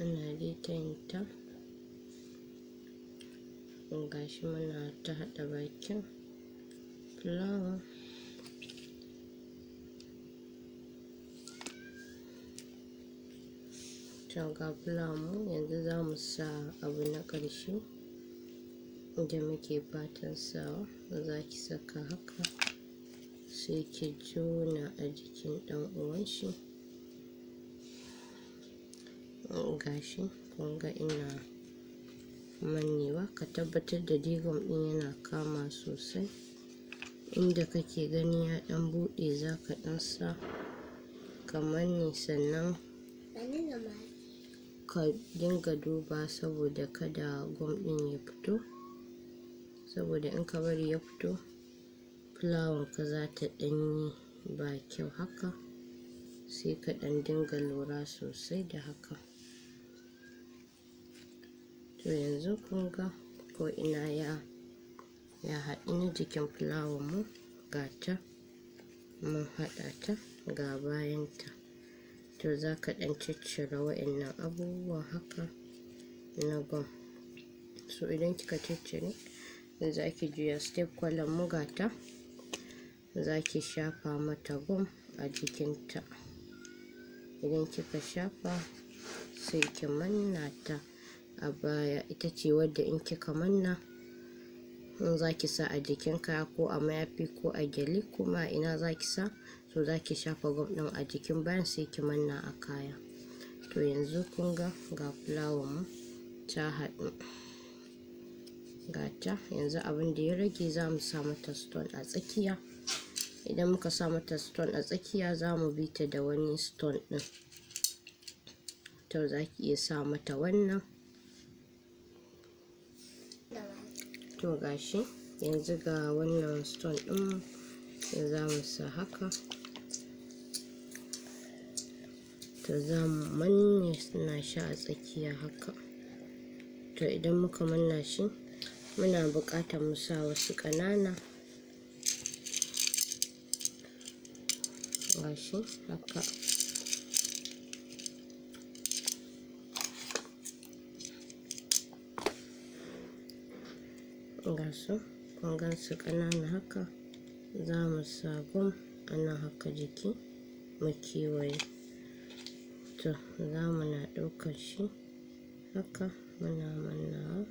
Muna ta gashi muna ta haɗa bakin fulawa to ga mu yanzu za mu sa abu na ƙarshe da muke fatan sawa za ki saka haka sai ki jona a jikin ɗan uwanshi Oh, gashi kun ga ina mannewa ka tabbatar da digon ɗin yana kama sosai inda kake gani ya dan buɗe za ka sa ka manne sannan ka dinga duba saboda kada gom ɗin ya fito saboda in ka bari ya fito fulawan ka za ta ɗanyi ba kyau haka sai ka dan dinga lura sosai da haka to yanzu kun ga ko ina ya ya haɗu ne jikin fulawar mu ga ta mun haɗa ta ga bayanta to za ka ɗan ciccire wa'annan abubuwan haka na gwam so idan kika ciccire za ki juya step kwallon mu ga ta za ki shafa mata gwam a jikinta idan kika shafa sai ki manna ta a baya ita ce wadda in kika manna in za ki sa a jikin jikinka ko a mayafi ko a gyali kuma ina za ki sa to za ki shafa gwam a jikin bayan sai ki manna a kaya to yanzu kun ga ga fulawa mu ta haɗu gata yanzu abin da ya rage za mu sa mata stone a tsakiya idan muka sa mata stone a tsakiya za mu bi ta da wani stone ɗin to za ki iya sa mata wannan to gashi yanzu ga wannan stone ɗinmu da za mu sa haka to za mu manne suna shi a tsakiya haka to idan muka manna shi muna buƙatar mu sa wasu ƙanana gashi haka ga su kun kanana ƙanana haka za mu sa gum a nan haka jiki mu kewaye to za mu na ɗaukar shi haka muna mannawa